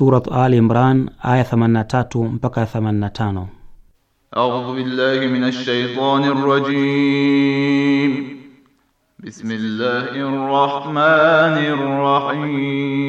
Surat Ali Imran aya 83 mpaka 85. A'udhu billahi minash shaitanir rajim. Bismillahir rahmanir rahim.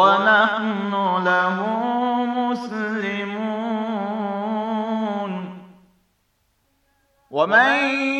ونحن له مسلمون ومن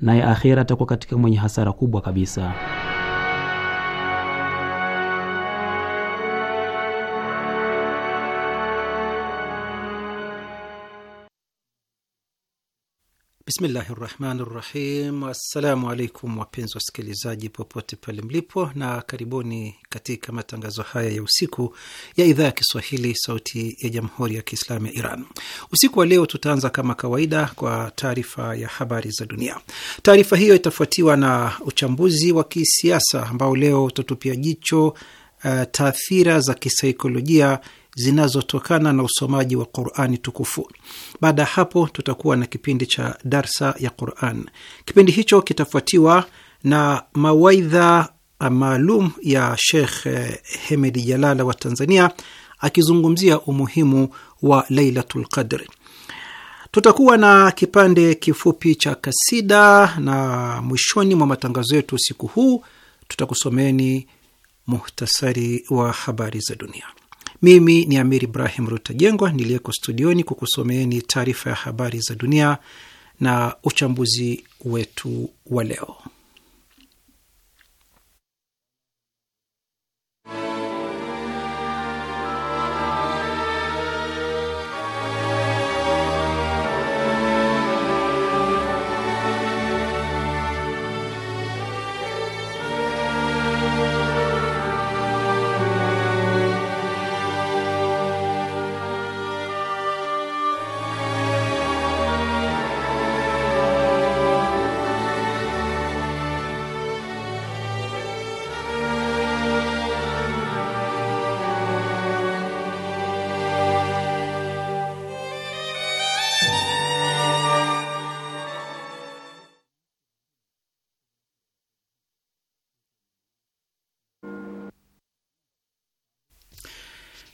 naye akhera atakuwa katika mwenye hasara kubwa kabisa. Bismillahi rahmani rahim. Assalamu alaikum wapenzi wasikilizaji popote pale mlipo, na karibuni katika matangazo haya ya usiku ya idhaa ya Kiswahili sauti ya jamhuri ya Kiislamu ya Iran. Usiku wa leo tutaanza kama kawaida kwa taarifa ya habari za dunia. Taarifa hiyo itafuatiwa na uchambuzi wa kisiasa ambao leo utatupia jicho uh, taathira za kisaikolojia zinazotokana na usomaji wa Qurani tukufu. Baada ya hapo, tutakuwa na kipindi cha darsa ya Quran. Kipindi hicho kitafuatiwa na mawaidha maalum ya Shekh Hemedi Jalala wa Tanzania akizungumzia umuhimu wa Lailatul Qadri. Tutakuwa na kipande kifupi cha kasida na mwishoni mwa matangazo yetu usiku huu tutakusomeni muhtasari wa habari za dunia. Mimi ni Amir Ibrahim Rutajengwa niliyeko studioni kukusomeeni taarifa ya habari za dunia na uchambuzi wetu wa leo.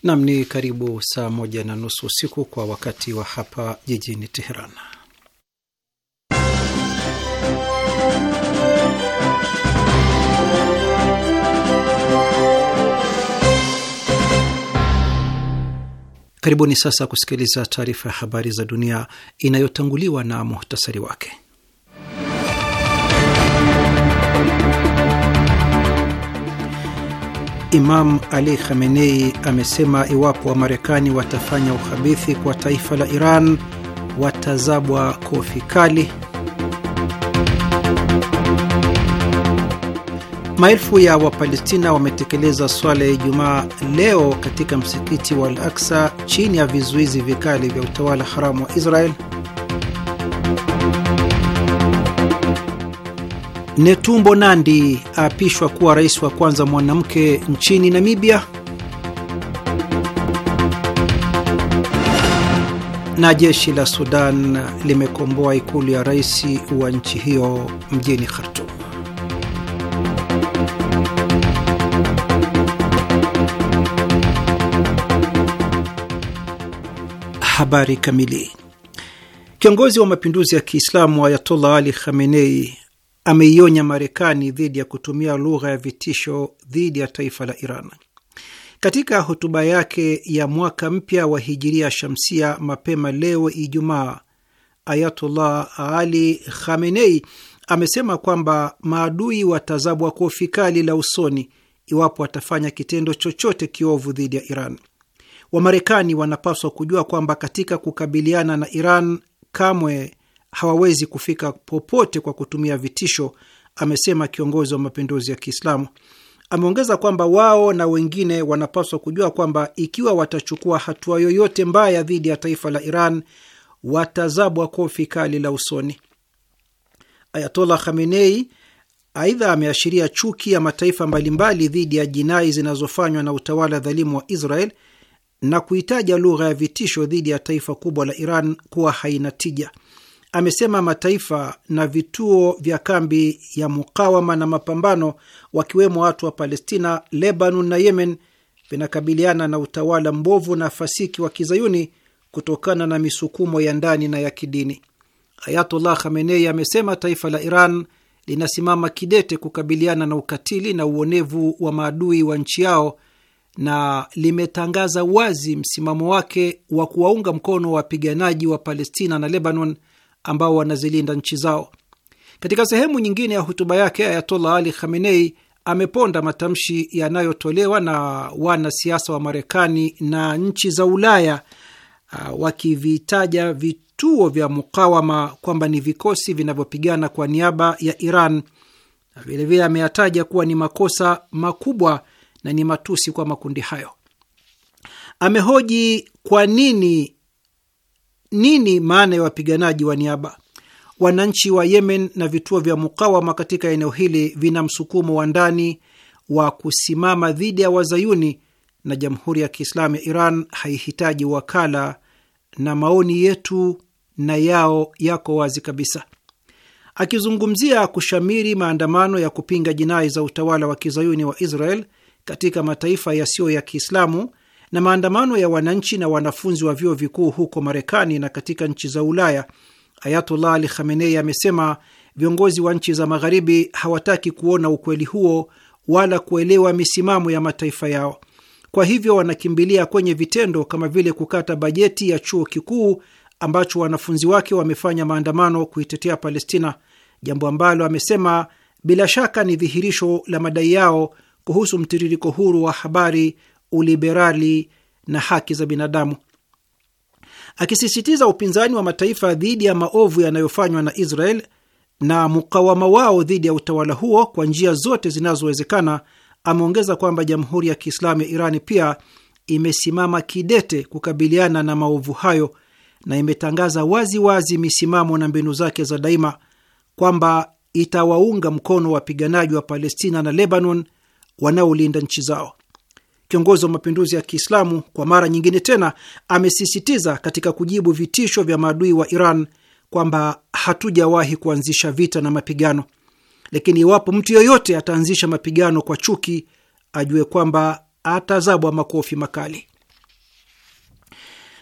Nam ni karibu saa moja na nusu usiku kwa wakati wa hapa jijini Teheran. Karibuni sasa kusikiliza taarifa ya habari za dunia inayotanguliwa na muhtasari wake. Imam Ali Khamenei amesema iwapo Wamarekani watafanya uhabithi kwa taifa la Iran watazabwa kofi kali. Maelfu ya Wapalestina wametekeleza swala ya Ijumaa leo katika msikiti wa Al Aksa chini ya vizuizi vikali vya utawala haramu wa Israel. Netumbo Nandi aapishwa kuwa rais wa kwanza mwanamke nchini Namibia. Na jeshi la Sudan limekomboa ikulu ya rais wa nchi hiyo mjini Khartoum. Habari kamili. Kiongozi wa mapinduzi ya Kiislamu Ayatollah Ali Khamenei ameionya Marekani dhidi ya kutumia lugha ya vitisho dhidi ya taifa la Iran. Katika hotuba yake ya mwaka mpya wa hijiria shamsia mapema leo Ijumaa, Ayatullah Ali Khamenei amesema kwamba maadui watazabwa kwa ufikali la usoni iwapo watafanya kitendo chochote kiovu dhidi ya Iran. Wamarekani wanapaswa kujua kwamba katika kukabiliana na Iran kamwe hawawezi kufika popote kwa kutumia vitisho, amesema kiongozi wa mapinduzi ya Kiislamu. Ameongeza kwamba wao na wengine wanapaswa kujua kwamba ikiwa watachukua hatua yoyote mbaya dhidi ya taifa la Iran watazabwa kofi kali la usoni. Ayatollah Khamenei aidha ameashiria chuki ya mataifa mbalimbali dhidi ya jinai zinazofanywa na utawala dhalimu wa Israel na kuitaja lugha ya vitisho dhidi ya taifa kubwa la Iran kuwa haina tija amesema mataifa na vituo vya kambi ya mukawama na mapambano wakiwemo watu wa Palestina, Lebanon na Yemen vinakabiliana na utawala mbovu na fasiki wa kizayuni kutokana na misukumo ya ndani na ya kidini. Ayatullah Khamenei amesema taifa la Iran linasimama kidete kukabiliana na ukatili na uonevu wa maadui wa nchi yao na limetangaza wazi msimamo wake wa kuwaunga mkono wapiganaji wa Palestina na Lebanon ambao wanazilinda nchi zao. Katika sehemu nyingine ya hutuba yake, Ayatollah Ali Khamenei ameponda matamshi yanayotolewa na wanasiasa wa Marekani na nchi za Ulaya uh, wakivitaja vituo vya mukawama kwamba ni vikosi vinavyopigana kwa niaba ya Iran na vilevile ameyataja kuwa ni makosa makubwa na ni matusi kwa makundi hayo. Amehoji kwa nini nini maana ya wapiganaji wa niaba? Wananchi wa Yemen na vituo vya mukawama katika eneo hili vina msukumo wa ndani wa kusimama dhidi ya Wazayuni, na Jamhuri ya Kiislamu ya Iran haihitaji wakala, na maoni yetu na yao yako wazi kabisa. Akizungumzia kushamiri maandamano ya kupinga jinai za utawala wa kizayuni wa Israel katika mataifa yasiyo ya Kiislamu, na maandamano ya wananchi na wanafunzi wa vyuo vikuu huko Marekani na katika nchi za Ulaya, Ayatullah Ali Khamenei amesema viongozi wa nchi za Magharibi hawataki kuona ukweli huo wala kuelewa misimamo ya mataifa yao. Kwa hivyo wanakimbilia kwenye vitendo kama vile kukata bajeti ya chuo kikuu ambacho wanafunzi wake wamefanya maandamano kuitetea Palestina, jambo ambalo amesema bila shaka ni dhihirisho la madai yao kuhusu mtiririko huru wa habari uliberali na haki za binadamu, akisisitiza upinzani wa mataifa dhidi ya maovu yanayofanywa na Israel na mukawama wao dhidi ya utawala huo kwa njia zote zinazowezekana. Ameongeza kwamba Jamhuri ya Kiislamu ya Irani pia imesimama kidete kukabiliana na maovu hayo na imetangaza wazi wazi misimamo na mbinu zake za daima kwamba itawaunga mkono wapiganaji wa Palestina na Lebanon wanaolinda nchi zao kiongozi wa mapinduzi ya Kiislamu kwa mara nyingine tena amesisitiza katika kujibu vitisho vya maadui wa Iran kwamba hatujawahi kuanzisha vita na mapigano, lakini iwapo mtu yoyote ataanzisha mapigano kwa chuki, ajue kwamba atazabwa makofi makali.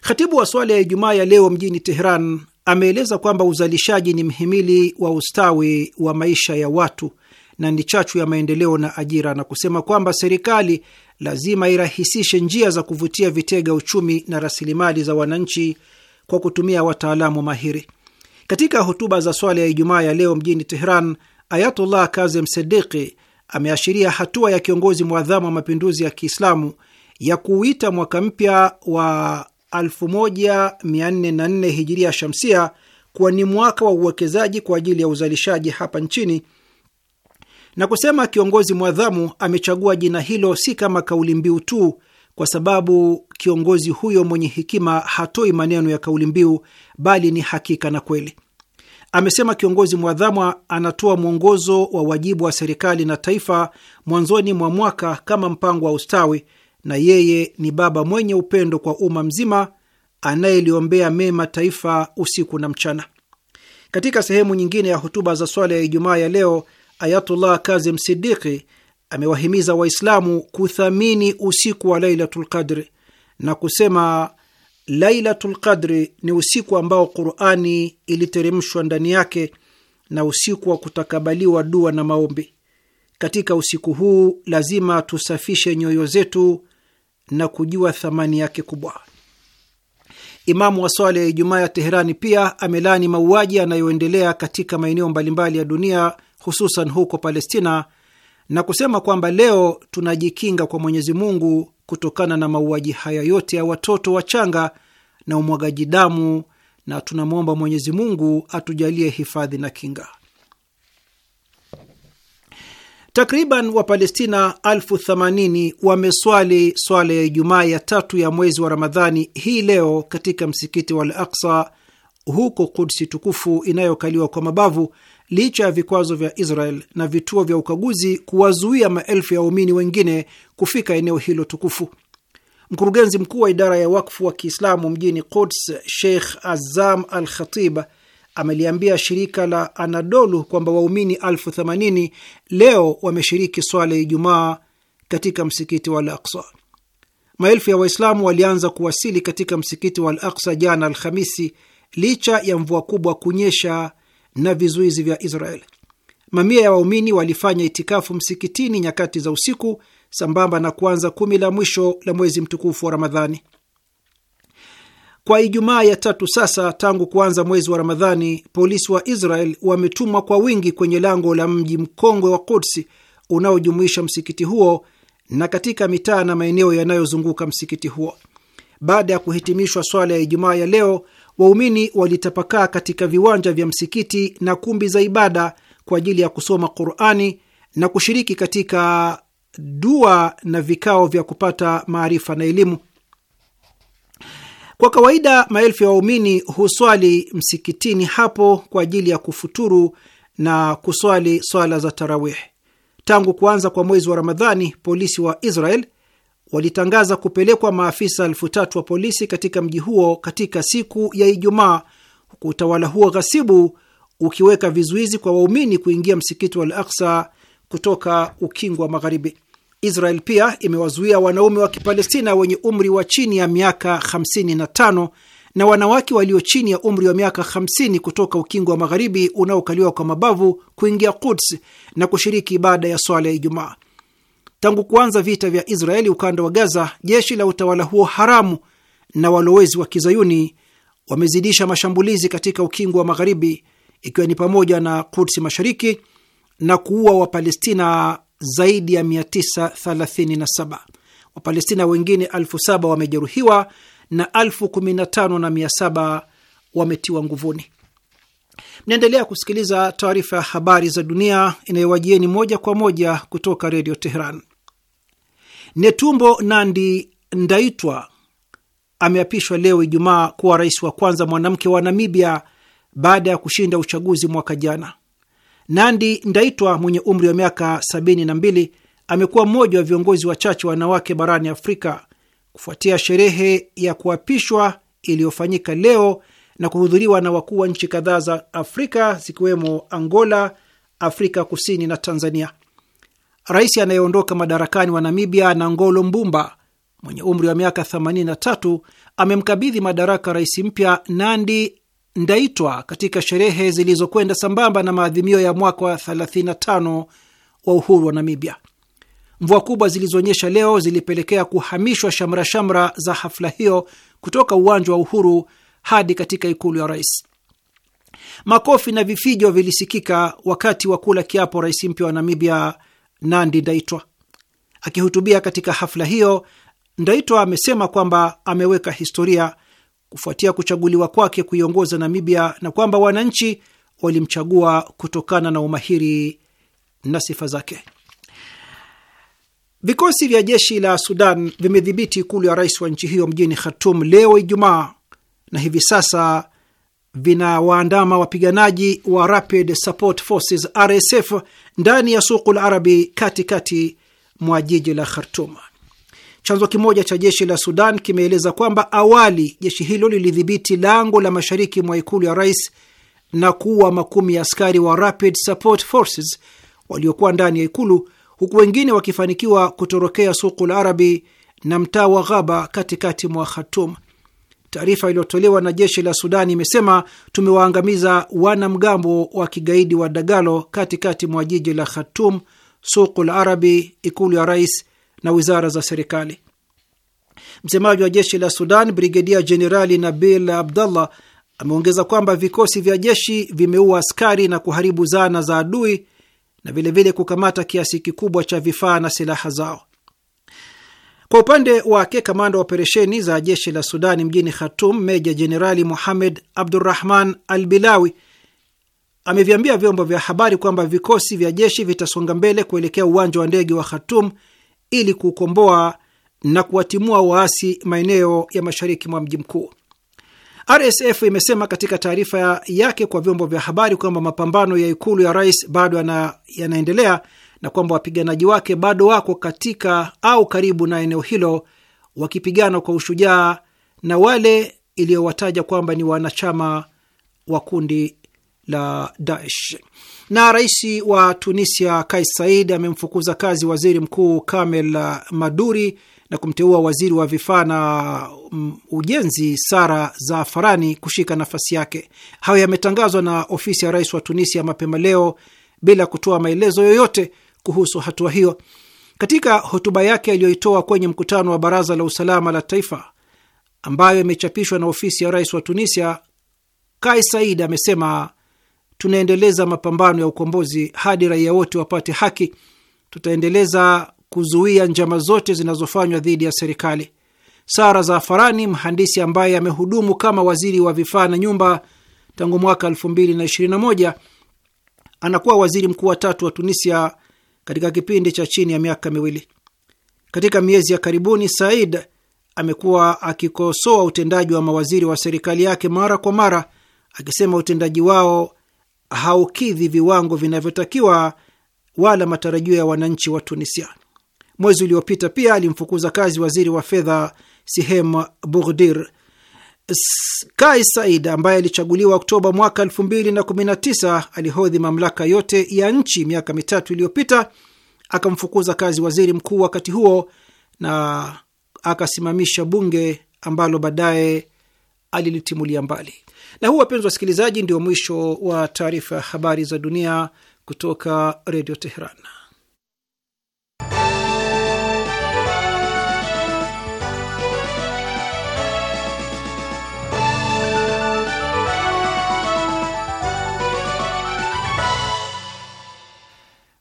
Khatibu wa swala ya Ijumaa ya leo mjini Teheran ameeleza kwamba uzalishaji ni mhimili wa ustawi wa maisha ya watu na ni chachu ya maendeleo na ajira, na kusema kwamba serikali lazima irahisishe njia za kuvutia vitega uchumi na rasilimali za wananchi kwa kutumia wataalamu mahiri. Katika hotuba za swala ya Ijumaa ya leo mjini Tehran, Ayatullah Kazem Sediki ameashiria hatua ya kiongozi mwadhamu wa mapinduzi ya Kiislamu ya kuuita mwaka mpya wa 1404 hijiria shamsia kuwa ni mwaka wa uwekezaji kwa ajili ya uzalishaji hapa nchini na kusema kiongozi mwadhamu amechagua jina hilo si kama kauli mbiu tu, kwa sababu kiongozi huyo mwenye hekima hatoi maneno ya kauli mbiu, bali ni hakika na kweli. Amesema kiongozi mwadhamu anatoa mwongozo wa wajibu wa serikali na taifa mwanzoni mwa mwaka kama mpango wa ustawi, na yeye ni baba mwenye upendo kwa umma mzima anayeliombea mema taifa usiku na mchana. Katika sehemu nyingine ya hotuba za swala ya Ijumaa ya leo Ayatullah Kazim Sidiki amewahimiza Waislamu kuthamini usiku wa Lailatul Qadri na kusema Lailatul Qadri ni usiku ambao Qurani iliteremshwa ndani yake na usiku wa kutakabaliwa dua na maombi. Katika usiku huu lazima tusafishe nyoyo zetu na kujua thamani yake kubwa. Imamu wa swala ya Ijumaa ya Teherani pia amelaani mauaji yanayoendelea katika maeneo mbalimbali ya dunia hususan huko Palestina, na kusema kwamba leo tunajikinga kwa Mwenyezi Mungu kutokana na mauaji haya yote ya watoto wachanga na umwagaji damu, na tunamwomba Mwenyezi Mungu atujalie hifadhi na kinga. Takriban Wapalestina elfu themanini wameswali swala ya Ijumaa ya tatu ya mwezi wa Ramadhani hii leo katika msikiti wa Al Aksa huko Kudsi tukufu inayokaliwa kwa mabavu licha ya vikwazo vya Israel na vituo vya ukaguzi kuwazuia maelfu ya waumini wengine kufika eneo hilo tukufu. Mkurugenzi mkuu wa idara ya wakfu wa Kiislamu mjini Quds, Sheikh Azam Al Khatib, ameliambia shirika la Anadolu kwamba waumini elfu themanini leo wameshiriki swala ya Ijumaa katika msikiti wa Al Aksa. Maelfu ya Waislamu walianza kuwasili katika msikiti wa Al Aksa jana Alhamisi licha ya mvua kubwa kunyesha na vizuizi vya Israeli. Mamia ya waumini walifanya itikafu msikitini nyakati za usiku sambamba na kuanza kumi la mwisho la mwezi mtukufu wa Ramadhani. Kwa Ijumaa ya tatu sasa tangu kuanza mwezi wa Ramadhani, polisi wa Israel wametumwa kwa wingi kwenye lango la mji mkongwe wa Kudsi unaojumuisha msikiti huo na katika mitaa na maeneo yanayozunguka msikiti huo. Baada ya kuhitimishwa swala ya Ijumaa ya leo, waumini walitapakaa katika viwanja vya msikiti na kumbi za ibada kwa ajili ya kusoma Qurani na kushiriki katika dua na vikao vya kupata maarifa na elimu. Kwa kawaida maelfu ya waumini huswali msikitini hapo kwa ajili ya kufuturu na kuswali swala za tarawih. Tangu kuanza kwa mwezi wa Ramadhani, polisi wa Israel walitangaza kupelekwa maafisa elfu tatu wa polisi katika mji huo katika siku ya Ijumaa, huku utawala huo ghasibu ukiweka vizuizi kwa waumini kuingia msikiti wa Al Aksa kutoka ukingo wa Magharibi. Israel pia imewazuia wanaume wa Kipalestina wenye umri wa chini ya miaka 55 na wanawake walio chini ya umri wa miaka 50 kutoka ukingo wa Magharibi unaokaliwa kwa mabavu kuingia Quds na kushiriki ibada ya swala ya Ijumaa. Tangu kuanza vita vya Israeli ukanda wa Gaza, jeshi la utawala huo haramu na walowezi wa kizayuni wamezidisha mashambulizi katika ukingo wa Magharibi, ikiwa ni pamoja na Kudsi Mashariki na kuua Wapalestina zaidi ya 937. Wapalestina wengine elfu saba wamejeruhiwa na elfu kumi na tano na mia saba wametiwa nguvuni. Mnaendelea kusikiliza taarifa ya habari za dunia inayowajieni moja kwa moja kutoka Redio Teheran. Netumbo Nandi Ndaitwa ameapishwa leo Ijumaa kuwa rais wa kwanza mwanamke wa Namibia baada ya kushinda uchaguzi mwaka jana. Nandi Ndaitwa mwenye umri wa miaka 72 amekuwa mmoja wa viongozi wachache wanawake barani Afrika kufuatia sherehe ya kuapishwa iliyofanyika leo na kuhudhuriwa na wakuu wa nchi kadhaa za Afrika zikiwemo Angola, Afrika Kusini na Tanzania. Rais anayeondoka madarakani wa Namibia, Nangolo Mbumba, mwenye umri wa miaka 83, amemkabidhi madaraka rais mpya Nandi Ndaitwa katika sherehe zilizokwenda sambamba na maadhimio ya mwaka wa 35 wa uhuru wa Namibia. Mvua kubwa zilizoonyesha leo zilipelekea kuhamishwa shamrashamra za hafla hiyo kutoka uwanja wa Uhuru hadi katika ikulu ya rais. Makofi na vifijo vilisikika wakati wa kula kiapo rais mpya wa Namibia Nandi Ndaitwa. Akihutubia katika hafla hiyo, Ndaitwa amesema kwamba ameweka historia kufuatia kuchaguliwa kwake kuiongoza Namibia na kwamba wananchi walimchagua kutokana na umahiri na sifa zake. Vikosi vya jeshi la Sudan vimedhibiti ikulu ya rais wa nchi hiyo mjini khatum leo Ijumaa, na hivi sasa vinawaandama wapiganaji wa Rapid Support Forces RSF ndani ya Suqul Arabi katikati mwa jiji la Khartum. Chanzo kimoja cha jeshi la Sudan kimeeleza kwamba awali jeshi hilo lilidhibiti lango la mashariki mwa ikulu ya rais na kuua makumi ya askari wa Rapid Support Forces waliokuwa ndani ya ikulu, huku wengine wakifanikiwa kutorokea Suqul Arabi na mtaa wa Ghaba katikati mwa Khartum. Taarifa iliyotolewa na jeshi la Sudani imesema tumewaangamiza wanamgambo wa kigaidi wa Dagalo katikati mwa jiji la Khartum, sukul Arabi, ikulu ya rais na wizara za serikali. Msemaji wa jeshi la Sudan, Brigedia Jenerali Nabil Abdallah, ameongeza kwamba vikosi vya jeshi vimeua askari na kuharibu zana za adui na vilevile kukamata kiasi kikubwa cha vifaa na silaha zao. Kwa upande wake kamanda wa operesheni za jeshi la Sudani mjini khatum meja jenerali Muhamed Abdurahman Al Bilawi ameviambia vyombo vya habari kwamba vikosi vya jeshi vitasonga mbele kuelekea uwanja wa ndege wa khatum ili kukomboa na kuwatimua waasi maeneo ya mashariki mwa mji mkuu. RSF imesema katika taarifa yake kwa vyombo vya habari kwamba mapambano ya ikulu ya rais bado yanaendelea na kwamba wapiganaji wake bado wako katika au karibu na eneo hilo wakipigana kwa ushujaa na wale iliyowataja kwamba ni wanachama wa kundi la Daesh. Na rais wa Tunisia Kais Said amemfukuza kazi waziri mkuu Kamel Maduri na kumteua waziri wa vifaa na mm, ujenzi Sara Zafarani kushika nafasi yake. Hayo yametangazwa na ofisi ya rais wa Tunisia mapema leo bila kutoa maelezo yoyote kuhusu hatua hiyo. Katika hotuba yake aliyoitoa kwenye mkutano wa baraza la usalama la taifa ambayo imechapishwa na ofisi ya rais wa Tunisia, Kai Said amesema, tunaendeleza mapambano ya ukombozi hadi raia wote wapate haki. Tutaendeleza kuzuia njama zote zinazofanywa dhidi ya serikali. Sara Zafarani, mhandisi ambaye amehudumu kama waziri wa vifaa na nyumba tangu mwaka 2021, anakuwa waziri mkuu wa tatu wa Tunisia katika kipindi cha chini ya miaka miwili. Katika miezi ya karibuni, Said amekuwa akikosoa utendaji wa mawaziri wa serikali yake mara kwa mara, akisema utendaji wao haukidhi viwango vinavyotakiwa wala matarajio ya wananchi wa Tunisia. Mwezi uliopita pia alimfukuza kazi waziri wa fedha Sihem Bourdir Kai Said ambaye alichaguliwa Oktoba mwaka 2019 alihodhi mamlaka yote ya nchi miaka mitatu iliyopita, akamfukuza kazi waziri mkuu wakati huo na akasimamisha bunge ambalo baadaye alilitimulia mbali. Na huu, wapenzi wasikilizaji, ndio mwisho wa taarifa ya habari za dunia kutoka Redio Teheran.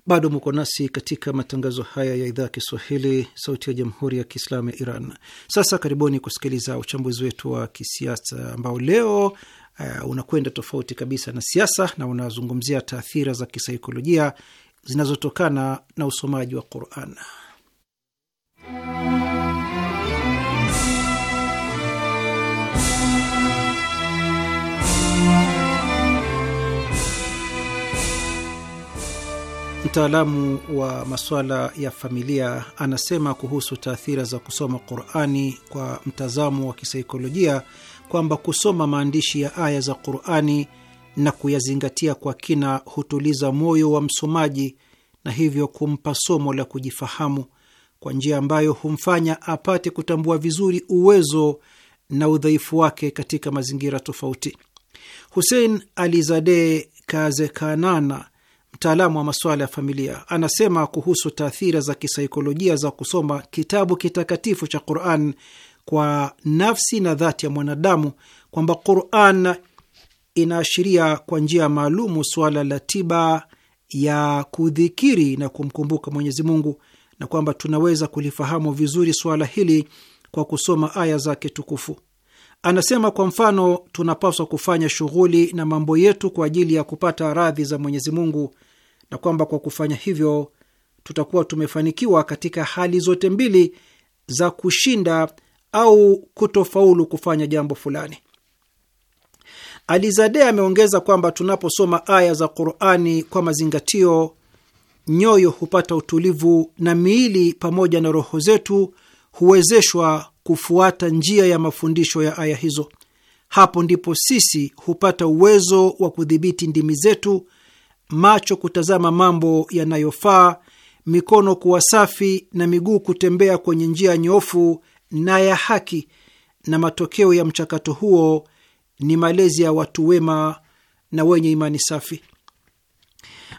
Bado muko nasi katika matangazo haya ya idhaa ya Kiswahili, sauti ya jamhuri ya kiislamu ya Iran. Sasa karibuni kusikiliza uchambuzi wetu wa kisiasa ambao leo uh, unakwenda tofauti kabisa na siasa na unazungumzia taathira za kisaikolojia zinazotokana na usomaji wa Quran. Mtaalamu wa masuala ya familia anasema kuhusu taathira za kusoma Qurani kwa mtazamo wa kisaikolojia kwamba kusoma maandishi ya aya za Qurani na kuyazingatia kwa kina hutuliza moyo wa msomaji na hivyo kumpa somo la kujifahamu kwa njia ambayo humfanya apate kutambua vizuri uwezo na udhaifu wake katika mazingira tofauti. Hussein Alizadeh Kazekanana mtaalamu wa masuala ya familia, anasema kuhusu taathira za kisaikolojia za kusoma kitabu kitakatifu cha Quran kwa nafsi na dhati ya mwanadamu kwamba Quran inaashiria kwa njia maalumu suala la tiba ya kudhikiri na kumkumbuka Mwenyezi Mungu na kwamba tunaweza kulifahamu vizuri suala hili kwa kusoma aya zake tukufu. Anasema kwa mfano, tunapaswa kufanya shughuli na mambo yetu kwa ajili ya kupata radhi za Mwenyezi Mungu, na kwamba kwa kufanya hivyo tutakuwa tumefanikiwa katika hali zote mbili za kushinda au kutofaulu kufanya jambo fulani. alizade ameongeza kwamba tunaposoma aya za Qur'ani kwa mazingatio, nyoyo hupata utulivu na miili pamoja na roho zetu huwezeshwa kufuata njia ya mafundisho ya aya hizo. Hapo ndipo sisi hupata uwezo wa kudhibiti ndimi zetu, macho kutazama mambo yanayofaa, mikono kuwa safi na miguu kutembea kwenye njia nyofu na ya haki, na matokeo ya mchakato huo ni malezi ya watu wema na wenye imani safi.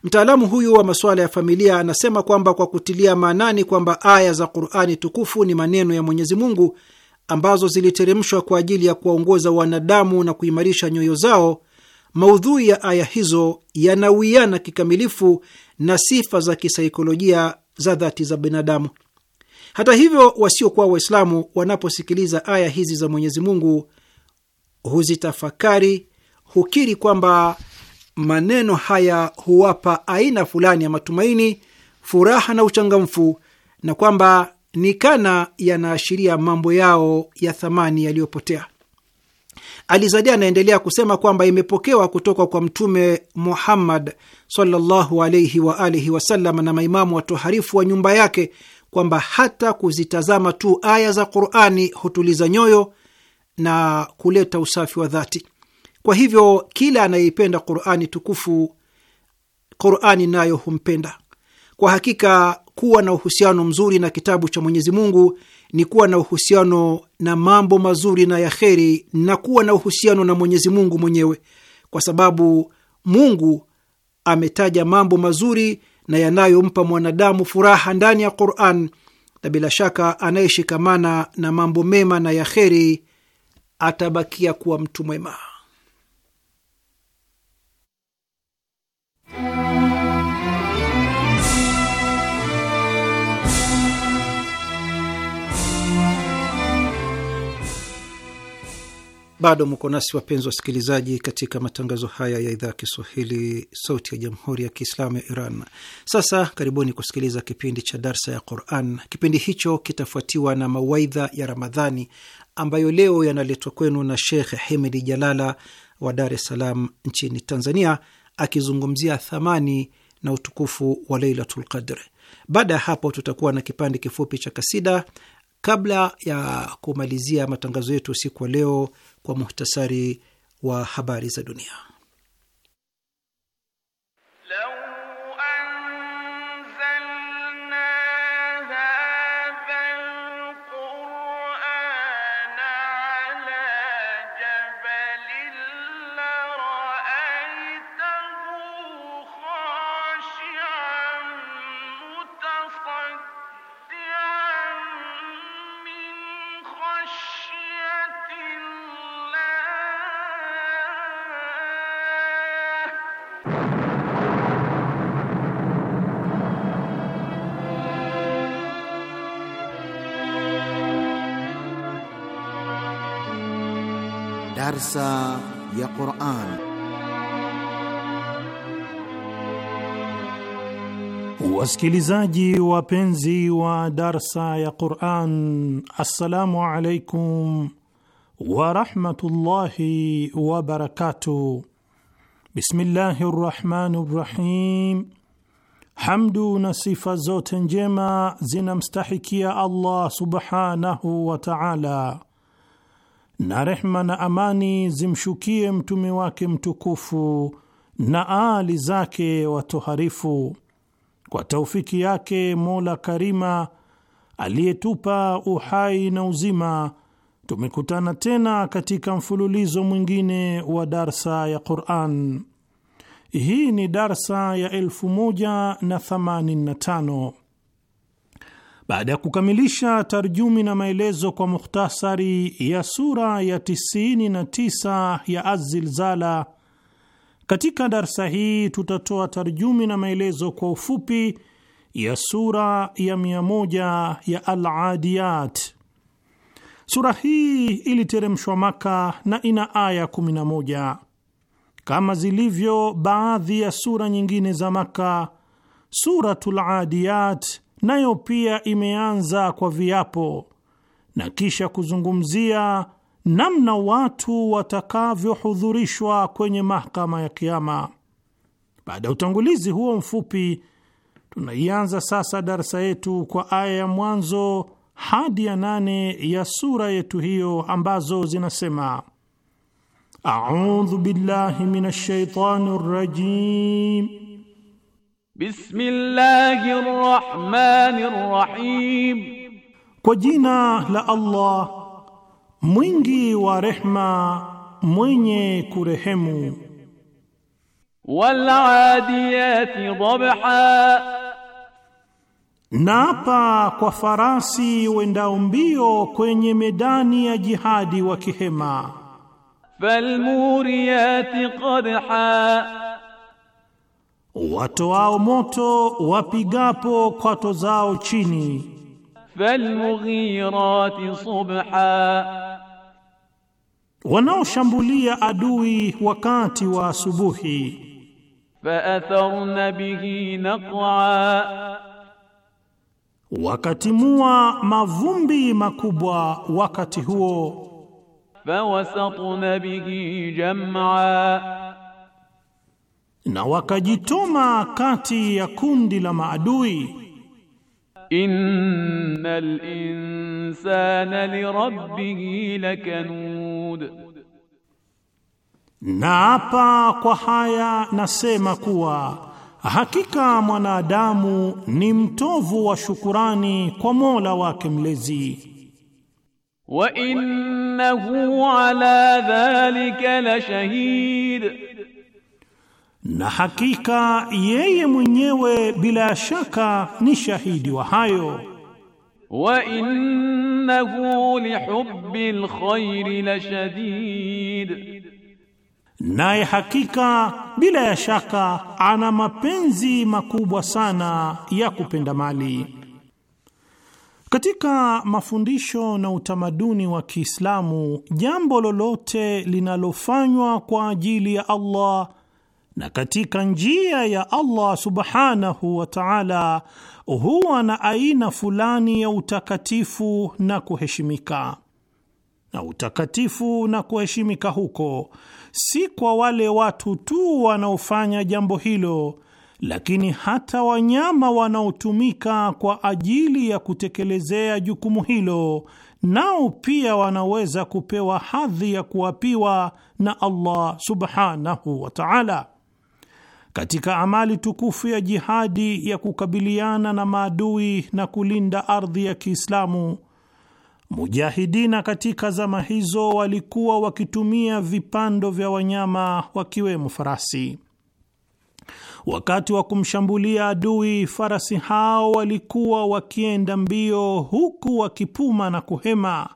Mtaalamu huyu wa masuala ya familia anasema kwamba kwa kutilia maanani kwamba aya za Qur'ani tukufu ni maneno ya Mwenyezi Mungu ambazo ziliteremshwa kwa ajili ya kuwaongoza wanadamu na kuimarisha nyoyo zao, maudhui ya aya hizo yanawiana kikamilifu na sifa za kisaikolojia za dhati za binadamu. Hata hivyo, wasiokuwa Waislamu wanaposikiliza aya hizi za Mwenyezi Mungu huzitafakari, hukiri kwamba maneno haya huwapa aina fulani ya matumaini, furaha na uchangamfu, na kwamba ni kana yanaashiria mambo yao ya thamani yaliyopotea. Alizadi anaendelea kusema kwamba imepokewa kutoka kwa Mtume Muhammad sallallahu alaihi wa alihi wasallam na maimamu watoharifu wa nyumba yake kwamba hata kuzitazama tu aya za Qurani hutuliza nyoyo na kuleta usafi wa dhati. Kwa hivyo kila anayeipenda Qurani tukufu, Qurani nayo humpenda. Kwa hakika kuwa na uhusiano mzuri na kitabu cha Mwenyezi Mungu ni kuwa na uhusiano na mambo mazuri na ya kheri na kuwa na uhusiano na Mwenyezi Mungu mwenyewe, kwa sababu Mungu ametaja mambo mazuri na yanayompa mwanadamu furaha ndani ya Quran, na bila shaka anayeshikamana na mambo mema na ya kheri atabakia kuwa mtu mwema. Bado mko nasi wapenzi wasikilizaji, katika matangazo haya ya idhaa ya Kiswahili, sauti ya jamhuri ya kiislamu ya Iran. Sasa karibuni kusikiliza kipindi cha darsa ya Quran. Kipindi hicho kitafuatiwa na mawaidha ya Ramadhani ambayo leo yanaletwa kwenu na Shekh Hemidi Jalala wa Dar es Salaam nchini Tanzania, akizungumzia thamani na utukufu wa Lailatul Qadr. Baada ya hapo, tutakuwa na kipande kifupi cha kasida kabla ya kumalizia matangazo yetu usiku wa leo kwa muhtasari wa habari za dunia. Darsa ya Quran. Wasikilizaji wapenzi wa Darsa ya Quran, assalamu alaikum warahmatullahi wabarakatuh. Bismillahi rrahmani rrahim. Hamdu na sifa zote njema zinamstahikia Allah subhanahu wa taala na rehma na amani zimshukie mtume wake mtukufu na aali zake watoharifu. Kwa taufiki yake Mola Karima aliyetupa uhai na uzima, tumekutana tena katika mfululizo mwingine wa darsa ya Quran. Hii ni darsa ya elfu moja na themanini na tano baada ya kukamilisha tarjumi na maelezo kwa mukhtasari ya sura ya 99 ya azilzala katika darsa hii tutatoa tarjumi na maelezo kwa ufupi ya sura ya 100 ya Al-Adiyat. Sura hii iliteremshwa Maka na ina aya 11 kama zilivyo baadhi ya sura nyingine za Maka. Suratul Adiyat nayo pia imeanza kwa viapo na kisha kuzungumzia namna watu watakavyohudhurishwa kwenye mahakama ya Kiama. Baada ya utangulizi huo mfupi, tunaianza sasa darsa yetu kwa aya ya mwanzo hadi ya nane ya sura yetu hiyo ambazo zinasema: audhu billahi minash shaitani rajim Bismillahir Rahmanir Rahim, kwa jina la Allah mwingi wa rehma mwenye kurehemu. Wal adiyati dhabha, naapa kwa farasi wendao mbio kwenye medani ya jihadi wakihema kihema. qadha watoao moto wapigapo kwato zao chini. falmughirati subha, wanaoshambulia adui wakati wa asubuhi. faatharna bihi naqa, wakatimua mavumbi makubwa wakati huo. fawasatna bihi jam'a na wakajitoma kati ya kundi la maadui. Innal insana rabbihi lakanud, hapa kwa haya nasema kuwa hakika mwanadamu ni mtovu wa shukurani kwa Mola wake mlezi. Wa innahu ala dhalika lashahid na hakika yeye mwenyewe bila shaka ni shahidi wa hayo. wa innahu lihubbil khairi la shadid, naye hakika bila ya shaka ana mapenzi makubwa sana ya kupenda mali. Katika mafundisho na utamaduni wa Kiislamu, jambo lolote linalofanywa kwa ajili ya Allah na katika njia ya Allah subhanahu wa ta'ala huwa na aina fulani ya utakatifu na kuheshimika. Na utakatifu na kuheshimika huko si kwa wale watu tu wanaofanya jambo hilo, lakini hata wanyama wanaotumika kwa ajili ya kutekelezea jukumu hilo nao pia wanaweza kupewa hadhi ya kuapiwa na Allah subhanahu wa ta'ala katika amali tukufu ya jihadi ya kukabiliana na maadui na kulinda ardhi ya Kiislamu, mujahidina katika zama hizo walikuwa wakitumia vipando vya wanyama wakiwemo farasi. Wakati wa kumshambulia adui, farasi hao walikuwa wakienda mbio huku wakipuma na kuhema,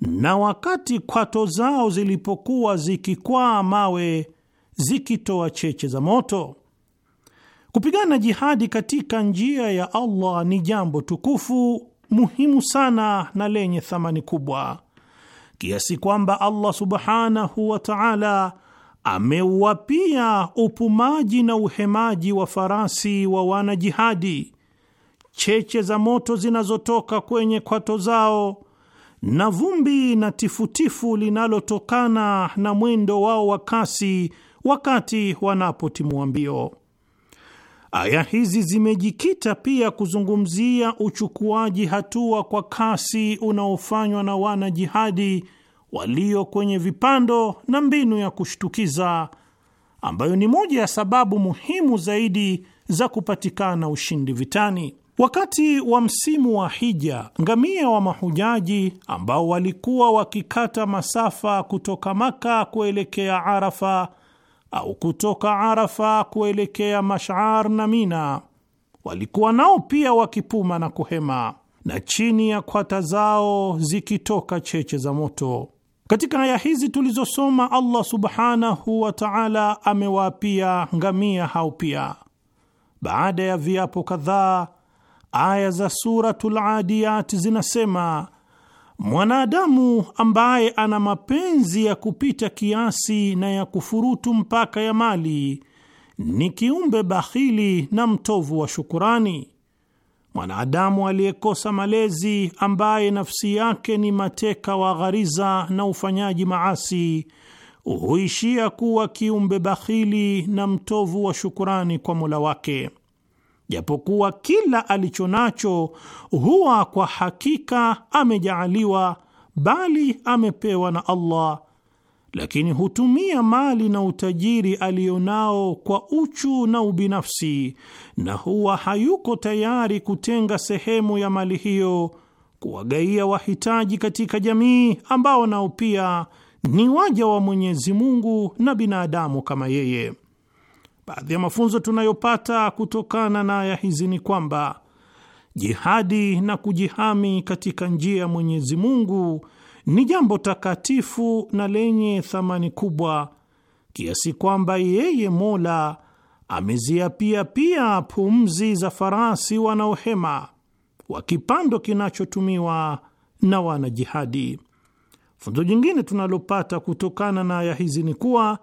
na wakati kwato zao zilipokuwa zikikwaa mawe zikitoa cheche za moto. Kupigana jihadi katika njia ya Allah ni jambo tukufu, muhimu sana na lenye thamani kubwa kiasi kwamba Allah subhanahu wa ta'ala ameuwapia upumaji na uhemaji wa farasi wa wanajihadi, cheche za moto zinazotoka kwenye kwato zao na vumbi na tifutifu linalotokana na mwendo wao wa kasi wakati wanapotimua mbio. Aya hizi zimejikita pia kuzungumzia uchukuaji hatua kwa kasi unaofanywa na wanajihadi walio kwenye vipando na mbinu ya kushtukiza ambayo ni moja ya sababu muhimu zaidi za kupatikana ushindi vitani. Wakati wa msimu wa hija, ngamia wa mahujaji ambao walikuwa wakikata masafa kutoka Maka kuelekea Arafa au kutoka Arafa kuelekea Mashar na Mina, walikuwa nao pia wakipuma na kuhema, na chini ya kwata zao zikitoka cheche za moto. Katika aya hizi tulizosoma, Allah subhanahu wa taala amewaapia ngamia hao pia. Baada ya viapo kadhaa, aya za Suratul Adiyat zinasema Mwanadamu ambaye ana mapenzi ya kupita kiasi na ya kufurutu mpaka ya mali ni kiumbe bahili na mtovu wa shukurani. Mwanadamu aliyekosa malezi, ambaye nafsi yake ni mateka wa ghariza na ufanyaji maasi, huishia kuwa kiumbe bahili na mtovu wa shukurani kwa Mola wake japokuwa kila alicho nacho huwa kwa hakika amejaaliwa, bali amepewa na Allah, lakini hutumia mali na utajiri alionao kwa uchu na ubinafsi, na huwa hayuko tayari kutenga sehemu ya mali hiyo kuwagaia wahitaji katika jamii ambao nao pia ni waja wa Mwenyezi Mungu na binadamu kama yeye. Baadhi ya mafunzo tunayopata kutokana na aya hizi ni kwamba jihadi na kujihami katika njia ya Mwenyezi Mungu ni jambo takatifu na lenye thamani kubwa kiasi kwamba yeye Mola ameziapia pia pumzi za farasi wanaohema wa kipando kinachotumiwa na wanajihadi. Funzo jingine tunalopata kutokana na aya hizi ni kuwa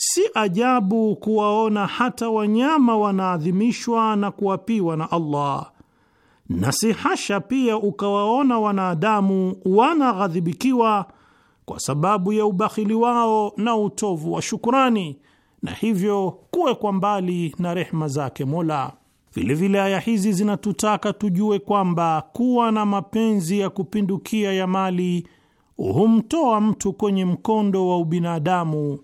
Si ajabu kuwaona hata wanyama wanaadhimishwa na kuapiwa na Allah, na si hasha pia ukawaona wanadamu wanaghadhibikiwa kwa sababu ya ubakhili wao na utovu wa shukurani, na hivyo kuwekwa mbali na rehma zake Mola. Vilevile aya hizi zinatutaka tujue kwamba kuwa na mapenzi ya kupindukia ya mali humtoa mtu kwenye mkondo wa ubinadamu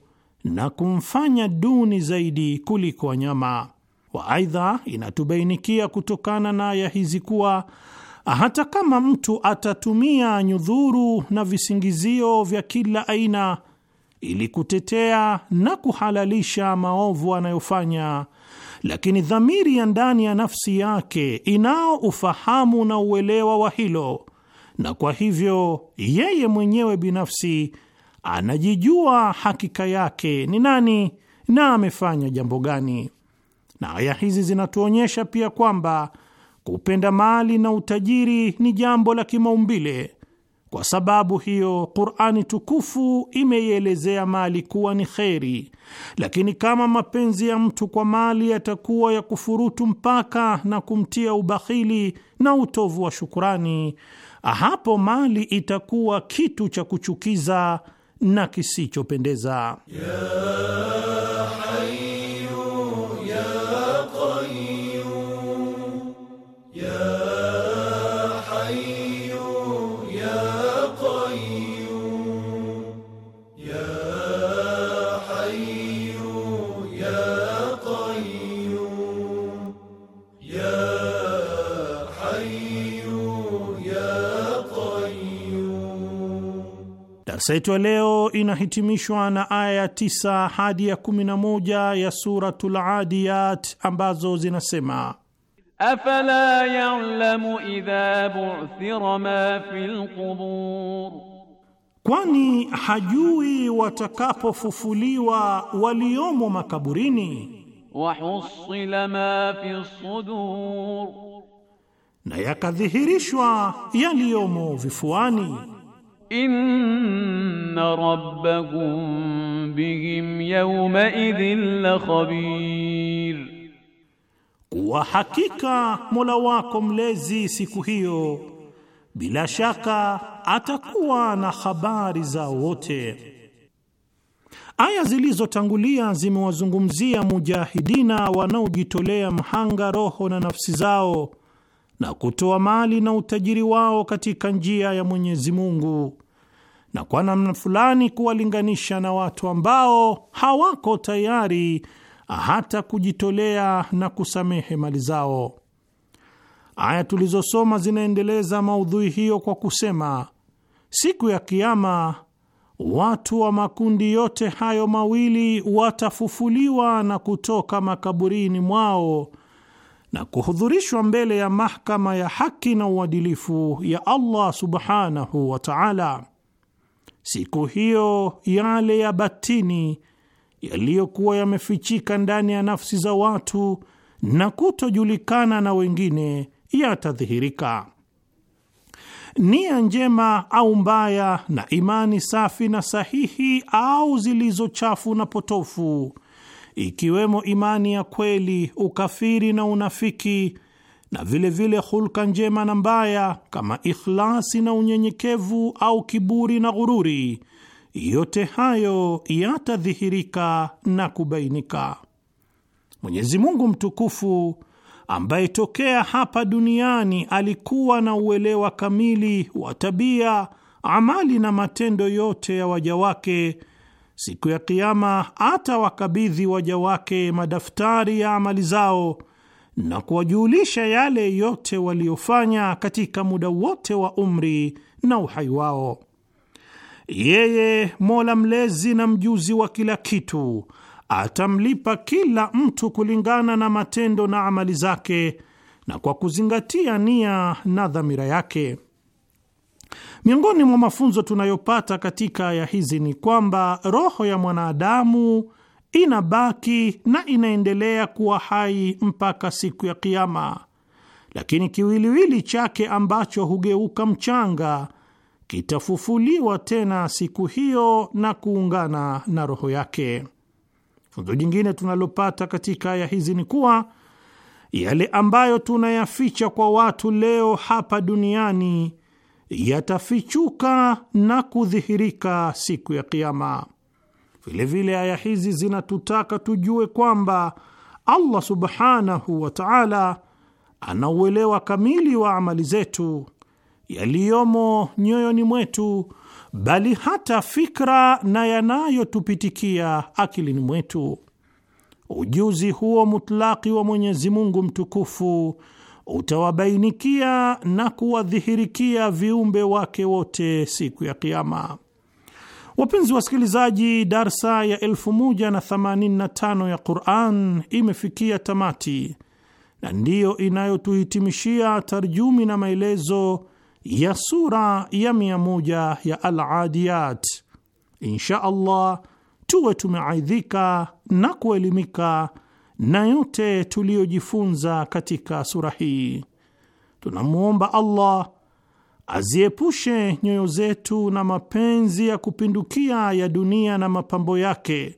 na kumfanya duni zaidi kuliko wanyama wa. Aidha, inatubainikia kutokana na aya hizi kuwa hata kama mtu atatumia nyudhuru na visingizio vya kila aina ili kutetea na kuhalalisha maovu anayofanya, lakini dhamiri ya ndani ya nafsi yake inao ufahamu na uelewa wa hilo, na kwa hivyo yeye mwenyewe binafsi anajijua hakika yake ni nani na amefanya jambo gani. Na aya hizi zinatuonyesha pia kwamba kupenda mali na utajiri ni jambo la kimaumbile. Kwa sababu hiyo, Qur'ani tukufu imeielezea mali kuwa ni kheri, lakini kama mapenzi ya mtu kwa mali yatakuwa ya kufurutu mpaka na kumtia ubakhili na utovu wa shukurani, hapo mali itakuwa kitu cha kuchukiza na kisichopendeza yeah. Darsa yetu ya leo inahitimishwa na aya ya tisa hadi ya kumi na moja ya Suratul Adiyat ambazo zinasema afala ya'lamu idha bu'thira ma fil qubur, kwani hajui watakapofufuliwa waliomo makaburini. Wahussila ma fi sudur, na yakadhihirishwa yaliyomo vifuani. Inna rabbakum bihim yawma idhin la kwa hakika Mola wako mlezi siku hiyo bila shaka atakuwa na habari za wote. Aya zilizotangulia zimewazungumzia mujahidina wanaojitolea mhanga roho na nafsi zao na kutoa mali na utajiri wao katika njia ya Mwenyezi Mungu, na kwa namna fulani kuwalinganisha na watu ambao hawako tayari hata kujitolea na kusamehe mali zao. Aya tulizosoma zinaendeleza maudhui hiyo kwa kusema, siku ya Kiama watu wa makundi yote hayo mawili watafufuliwa na kutoka makaburini mwao na kuhudhurishwa mbele ya mahakama ya haki na uadilifu ya Allah subhanahu wa ta'ala. Siku hiyo yale ya batini yaliyokuwa yamefichika ndani ya nafsi za watu na kutojulikana na wengine yatadhihirika. Nia njema au mbaya, na imani safi na sahihi au zilizochafu na potofu ikiwemo imani ya kweli, ukafiri na unafiki, na vilevile vile hulka njema na mbaya kama ikhlasi na unyenyekevu, au kiburi na ghururi, yote hayo yatadhihirika na kubainika. Mwenyezi Mungu mtukufu ambaye tokea hapa duniani alikuwa na uelewa kamili wa tabia, amali na matendo yote ya waja wake siku ya Kiama atawakabidhi waja wake madaftari ya amali zao na kuwajulisha yale yote waliyofanya katika muda wote wa umri na uhai wao. Yeye Mola mlezi na mjuzi wa kila kitu atamlipa kila mtu kulingana na matendo na amali zake na kwa kuzingatia nia na dhamira yake. Miongoni mwa mafunzo tunayopata katika aya hizi ni kwamba roho ya mwanadamu inabaki na inaendelea kuwa hai mpaka siku ya Kiama, lakini kiwiliwili chake ambacho hugeuka mchanga kitafufuliwa tena siku hiyo na kuungana na roho yake. Funzo jingine tunalopata katika aya hizi ni kuwa yale ambayo tunayaficha kwa watu leo hapa duniani yatafichuka na kudhihirika siku ya Kiama. Vilevile aya hizi zinatutaka tujue kwamba Allah subhanahu wa taala anauelewa kamili wa amali zetu yaliyomo nyoyoni mwetu, bali hata fikra na yanayotupitikia akilini mwetu. Ujuzi huo mutlaki wa Mwenyezi Mungu mtukufu utawabainikia na kuwadhihirikia viumbe wake wote siku ya Kiama. Wapenzi wasikilizaji, darsa ya 1085 ya Quran imefikia tamati na ndiyo inayotuhitimishia tarjumi na maelezo ya sura ya 100 ya Al-Adiyat. Insha Allah tuwe tumeaidhika na kuelimika na yote tuliyojifunza katika sura hii, tunamwomba Allah aziepushe nyoyo zetu na mapenzi ya kupindukia ya dunia na mapambo yake,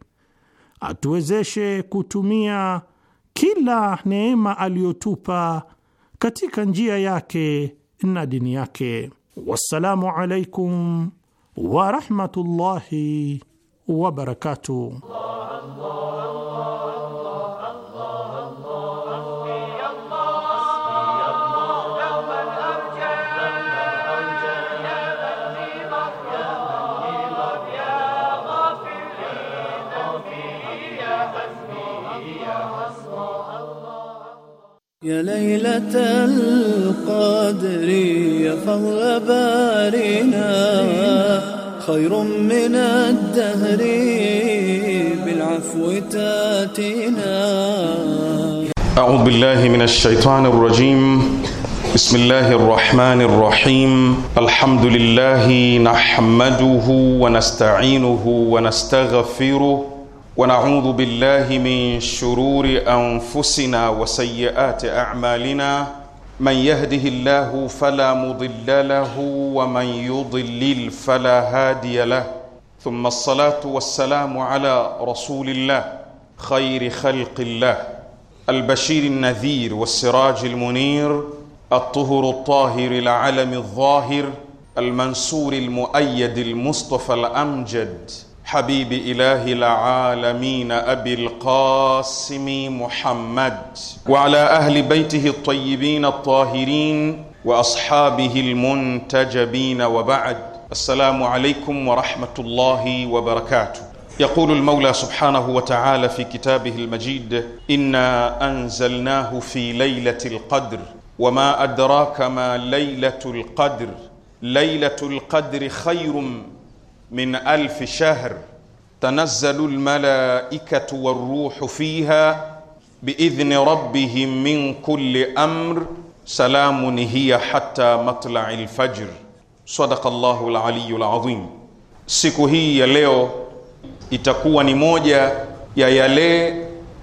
atuwezeshe kutumia kila neema aliyotupa katika njia yake na dini yake. Wassalamu alaikum warahmatullahi wabarakatuh. يا ليلة القدر يا فضل بارنا خير من الدهر بالعفو تاتنا أعوذ بالله من الشيطان الرجيم بسم الله الرحمن الرحيم الحمد لله نحمده ونستعينه ونستغفره ونعوذ بالله من شرور انفسنا وسيئات اعمالنا من يهده الله فلا مضل له ومن يضلل فلا هادي له ثم الصلاه والسلام على رسول الله خير خلق الله البشير النذير والسراج المنير الطهر الطاهر العلم الظاهر المنصور المؤيد المصطفى الامجد حبيب إله العالمين أبي القاسم محمد وعلى أهل بيته الطيبين الطاهرين وأصحابه المنتجبين وبعد السلام عليكم ورحمة الله وبركاته يقول المولى سبحانه وتعالى في كتابه المجيد إنا أنزلناه في ليلة القدر وما أدراك ما ليلة القدر ليلة القدر خير min alfi shahr tanazzalu lmalaikatu waruhu fiha biidhni rabbihim min kulli amr salamun hiya hatta matlai lfajr. Sadaka llahu laliyu ladhim. Siku hii ya leo itakuwa ni moja ya yale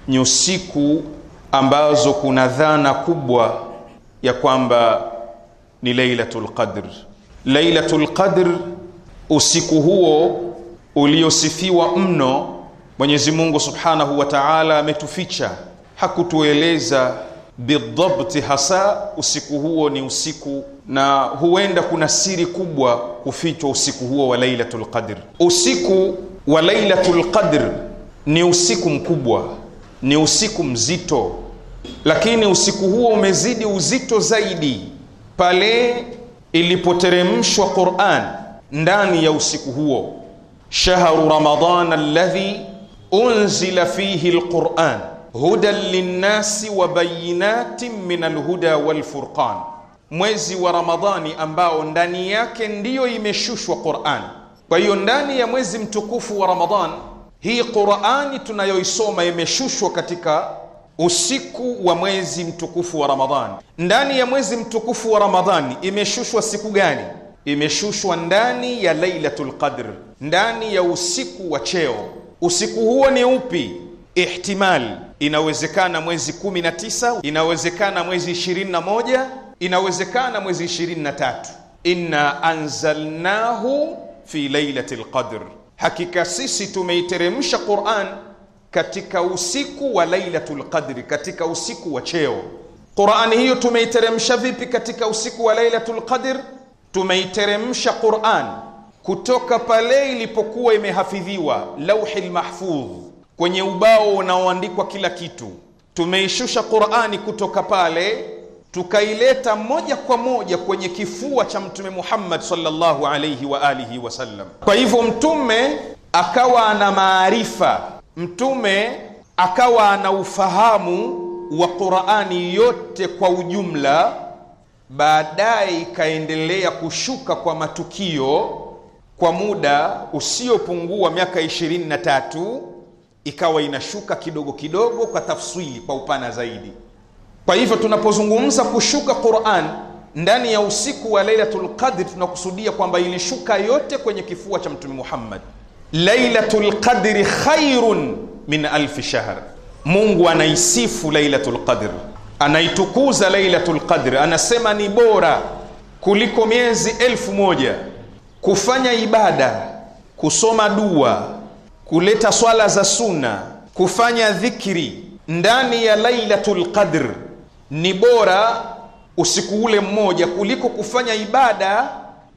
nyusiku ambazo kuna dhana kubwa ya kwamba ni Lailatul Qadr. Lailatul Qadr usiku huo uliosifiwa mno mwenyezi mungu subhanahu wa taala ametuficha hakutueleza bidhabti hasa usiku huo ni usiku na huenda kuna siri kubwa kufichwa usiku huo wa lailatu lqadr usiku wa lailatu lqadr ni usiku mkubwa ni usiku mzito lakini usiku huo umezidi uzito zaidi pale ilipoteremshwa quran ndani ya usiku huo, shahru ramadan alladhi unzila fihi alquran hudan linnasi wa bayinatin min alhuda walfurqan, mwezi wa Ramadhani ambao ndani yake ndiyo imeshushwa qurani Kwa hiyo ndani ya mwezi mtukufu wa Ramadhan hii Qurani tunayoisoma imeshushwa katika usiku wa mwezi mtukufu wa Ramadhani. Ndani ya mwezi mtukufu wa Ramadhani imeshushwa siku gani? imeshushwa ndani ya Lailatul Qadr, ndani ya usiku wa cheo. Usiku huo ni upi? Ihtimal, inawezekana mwezi 19, inawezekana mwezi 21, inawezekana mwezi 23. Inna anzalnahu fi Lailatul Qadr, hakika sisi tumeiteremsha Qur'an katika usiku wa Lailatul Qadri, katika usiku wa cheo. Qur'ani hiyo tumeiteremsha vipi katika usiku wa Lailatul Qadr? tumeiteremsha Qur'an kutoka pale ilipokuwa imehafidhiwa lauhi lmahfudh, kwenye ubao unaoandikwa kila kitu. Tumeishusha Qur'ani kutoka pale tukaileta moja kwa moja kwenye kifua cha Mtume Muhammad sallallahu alayhi wa alihi wasallam. Kwa hivyo mtume akawa ana maarifa, mtume akawa ana ufahamu wa Qur'ani yote kwa ujumla baadaye ikaendelea kushuka kwa matukio kwa muda usiopungua miaka ishirini na tatu ikawa inashuka kidogo kidogo kwa tafswili, kwa upana zaidi. Kwa hivyo tunapozungumza kushuka Qur'an ndani ya usiku wa lailatu lqadri tunakusudia kwamba ilishuka yote kwenye kifua cha Mtume Muhammad. lailatu lqadri khairun min alfi shahr, Mungu anaisifu lailatu lqadri anaitukuza Lailatul Qadr, anasema ni bora kuliko miezi elfu moja. Kufanya ibada, kusoma dua, kuleta swala za sunna, kufanya dhikri ndani ya Lailatul Qadr ni bora usiku ule mmoja kuliko kufanya ibada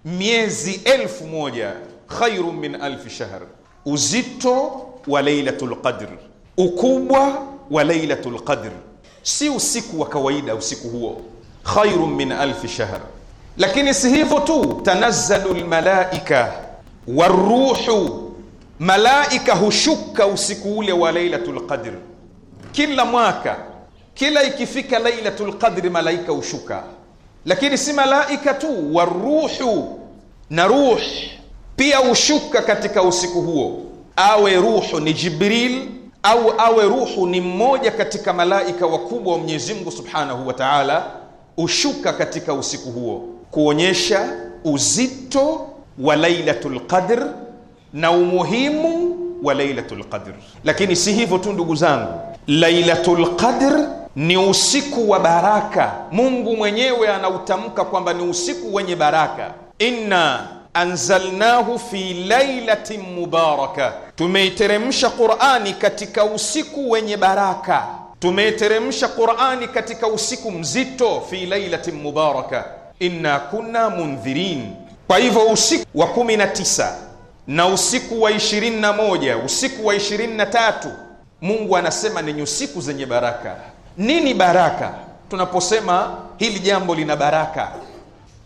miezi elfu moja. Khairu min alfi shahr. Uzito wa Lailatul Qadr, ukubwa wa Lailatul Qadr si usiku wa kawaida, usiku huo khairun min alfi shahr. Lakini si hivyo tu, tanazzalu lmalaika waruhu, malaika hushuka usiku ule wa lailatul qadr. Kila mwaka kila ikifika lailatul qadri malaika hushuka, lakini si malaika tu, waruhu na ruh pia hushuka katika usiku huo, awe ruhu ni Jibril au awe ruhu ni mmoja katika malaika wakubwa wa Mwenyezi Mungu Subhanahu wa Ta'ala, ushuka katika usiku huo kuonyesha uzito wa Lailatul Qadr na umuhimu wa Lailatul Qadr. Lakini si hivyo tu ndugu zangu, Lailatul Qadr ni usiku wa baraka. Mungu mwenyewe anautamka kwamba ni usiku wenye baraka, inna anzalnahu fi lailatin mubaraka, tumeiteremsha Qurani katika usiku wenye baraka. Tumeiteremsha Qurani katika usiku mzito, fi lailatin mubaraka inna kunna mundhirin. Kwa hivyo usiku wa 19 na na usiku wa 21 usiku wa 23 Mungu anasema ni usiku zenye baraka. Nini baraka? Tunaposema hili jambo lina baraka,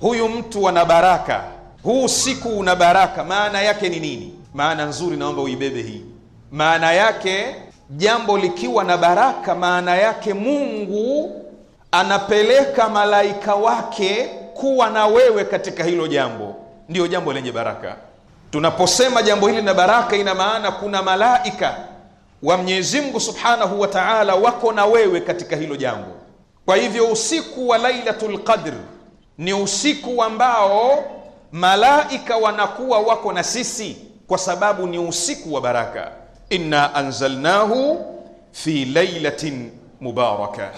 huyu mtu ana baraka huu usiku una baraka. Maana yake ni nini? Maana nzuri, naomba uibebe hii. Maana yake jambo likiwa na baraka, maana yake Mungu anapeleka malaika wake kuwa na wewe katika hilo jambo, ndiyo jambo lenye baraka. Tunaposema jambo hili na baraka, ina maana kuna malaika wa Mwenyezi Mungu Subhanahu wa Ta'ala wako na wewe katika hilo jambo. Kwa hivyo usiku wa Lailatul Qadr ni usiku ambao malaika wanakuwa wako na sisi kwa sababu ni usiku wa baraka. Inna anzalnahu fi lailatin mubaraka,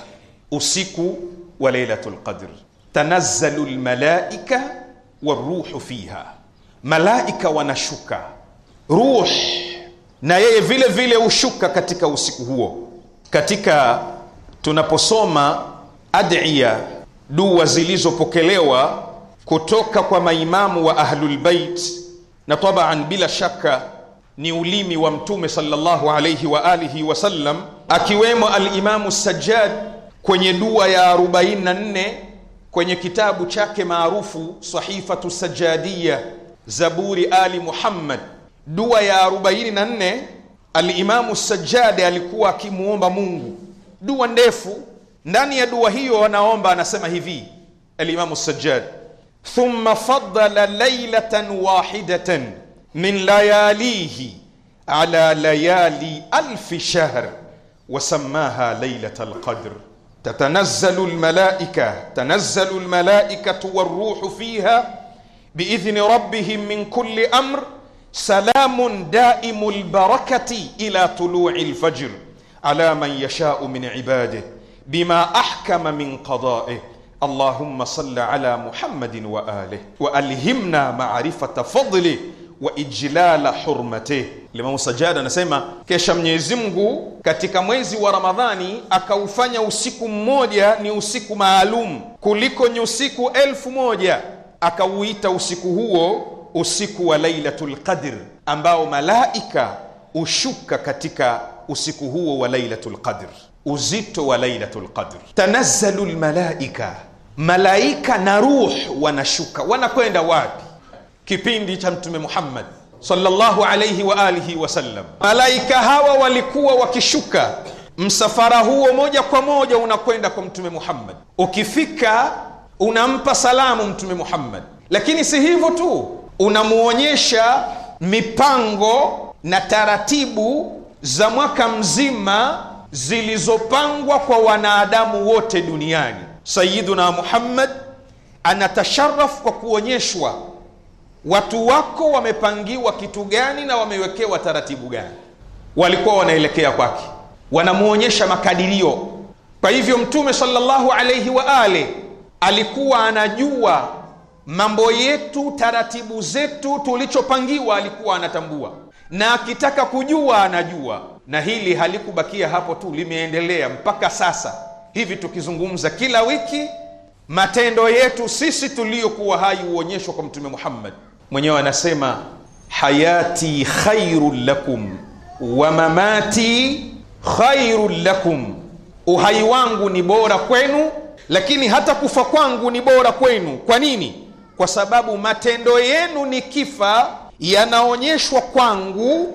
usiku wa lailatul qadr. Tanazzalu lmalaika waruhu fiha, malaika wanashuka, ruh na yeye vile vile hushuka katika usiku huo. Katika tunaposoma adhiya, dua zilizopokelewa kutoka kwa maimamu wa Ahlulbeit na tabaan, bila shaka ni ulimi wa Mtume sallallahu alayhi wa alihi sallam, akiwemo Alimamu Sajjad kwenye dua ya 44 kwenye kitabu chake maarufu Sahifatu Sajjadiya, Zaburi Ali Muhammad, dua ya 44 Alimamu Sajjadi alikuwa akimwomba Mungu dua ndefu. Ndani ya dua hiyo anaomba anasema hivi Alimamu Sajjad ثم فضل ليله واحده من لياليه على ليالي الف شهر وسماها ليله القدر تتنزل الملائكه تنزل الملائكه والروح فيها باذن ربهم من كل امر سلام دائم البركه الى طلوع الفجر على من يشاء من عباده بما احكم من قضائه Allahumma salli ala Muhammadin wa alihi wa alhimna maarifata fadli wa ijlala hurmati. imamu Sajjad anasema kesha Mwenyezi Mungu katika mwezi wa Ramadhani akaufanya usiku mmoja ni usiku maalum kuliko ni usiku elfu moja akauita usiku huo usiku wa Lailatul Qadr, ambao malaika ushuka katika usiku huo wa Lailatul Qadr. Uzito wa Lailatul Qadr, tanazzalu lmalaika malaika na ruhu wanashuka, wanakwenda wapi? Kipindi cha Mtume Muhammad sallallahu alayhi wa alihi wasallam, malaika hawa walikuwa wakishuka, msafara huo moja kwa moja unakwenda kwa Mtume Muhammad. Ukifika unampa salamu Mtume Muhammad, lakini si hivyo tu, unamwonyesha mipango na taratibu za mwaka mzima zilizopangwa kwa wanadamu wote duniani sayiduna Muhammad anatasharafu kwa kuonyeshwa watu wako wamepangiwa kitu gani na wamewekewa taratibu gani, walikuwa wanaelekea kwake, wanamwonyesha makadirio. Kwa hivyo Mtume sallallahu alaihi wa ale alikuwa anajua mambo yetu, taratibu zetu, tulichopangiwa alikuwa anatambua, na akitaka kujua anajua. Na hili halikubakia hapo tu, limeendelea mpaka sasa hivi tukizungumza kila wiki, matendo yetu sisi tuliyokuwa hai huonyeshwa kwa Mtume Muhammad mwenyewe anasema, hayati khairun lakum wa mamati khairun lakum, uhai wangu ni bora kwenu, lakini hata kufa kwangu ni bora kwenu. Kwa nini? Kwa sababu matendo yenu nikifa yanaonyeshwa kwangu,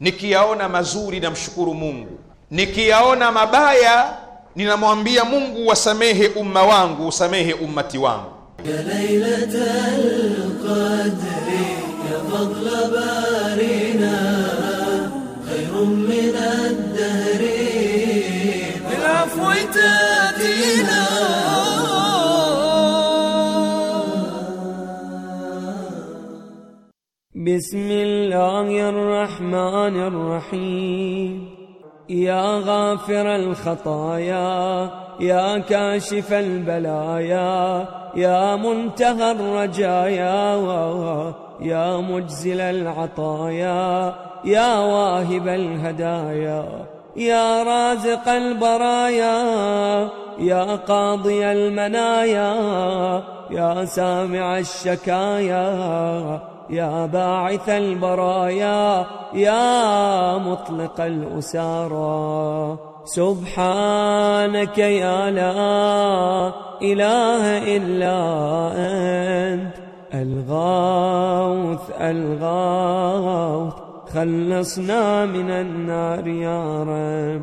nikiyaona mazuri namshukuru Mungu, nikiyaona mabaya ninamwambia Mungu wasamehe umma wangu, usamehe ummati wangu. بسم الله الرحمن الرحيم يا غافر الخطايا يا كاشف البلايا يا منتهى الرجايا يا مجزل العطايا يا واهب الهدايا يا رازق البرايا يا قاضي المنايا يا سامع الشكايا يا باعث البرايا يا مطلق الأسارى سبحانك يا لا إله إلا أنت الغوث الغوث خلصنا من النار يا رب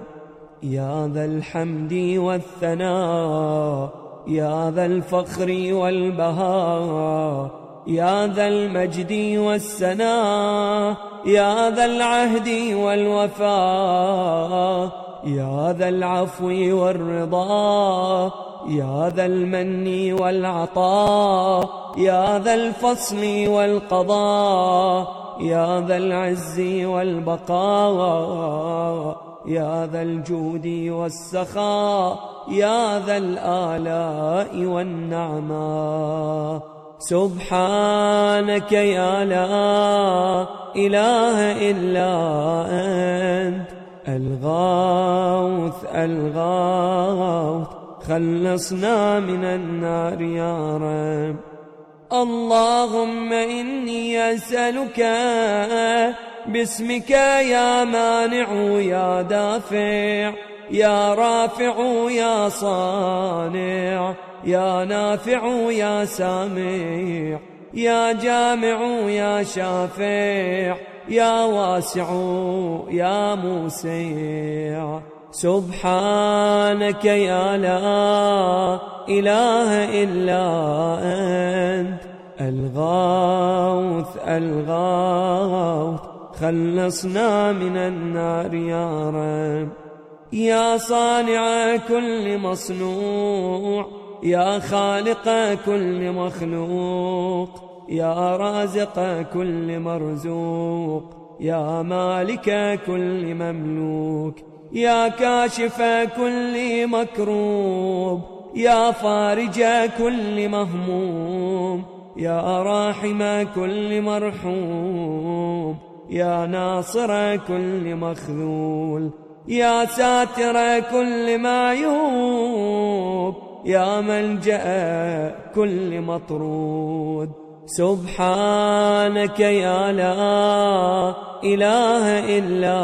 يا ذا الحمد والثناء يا ذا الفخر والبهاء يا ذا المجد والسناء يا ذا العهد والوفاء يا ذا العفو والرضا يا ذا المن والعطاء يا ذا الفصل والقضاء يا ذا العز والبقاء يا ذا الجود والسخاء يا ذا الآلاء والنعماء سبحانك يا لا إله إلا أنت الغوث الغوث خلصنا من النار يا رب اللهم إني أسألك باسمك يا مانع يا دافع يا رافع يا صانع يا نافع يا سامع يا جامع يا شافع يا واسع يا موسع سبحانك يا لا إله إلا أنت الغوث الغوث خلصنا من النار يا رب يا صانع كل مصنوع يا خالق كل مخلوق يا رازق كل مرزوق يا مالك كل مملوك يا كاشف كل مكروب يا فارج كل مهموم يا راحم كل مرحوم يا ناصر كل مخذول يا ساتر كل معيوب يا ملجأ كل مطرود سبحانك يا لا إله إلا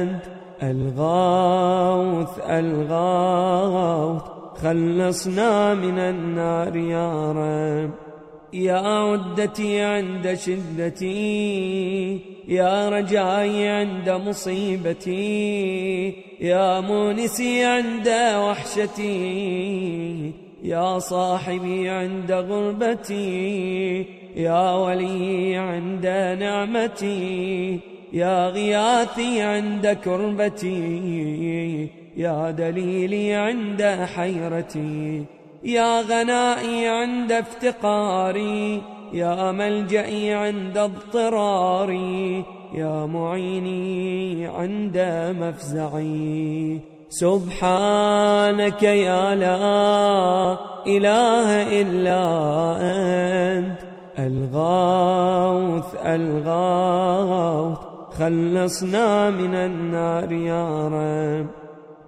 أنت الغوث الغوث خلصنا من النار يا رب يا ودتي عند شدتي يا رجائي عند مصيبتي يا مونسي عند وحشتي يا صاحبي عند غربتي يا ولي عند نعمتي يا غياثي عند كربتي يا دليلي عند حيرتي يا غنائي عند افتقاري يا ملجئي عند اضطراري يا معيني عند مفزعي سبحانك يا لا إله إلا أنت الغوث الغوث خلصنا من النار يا رب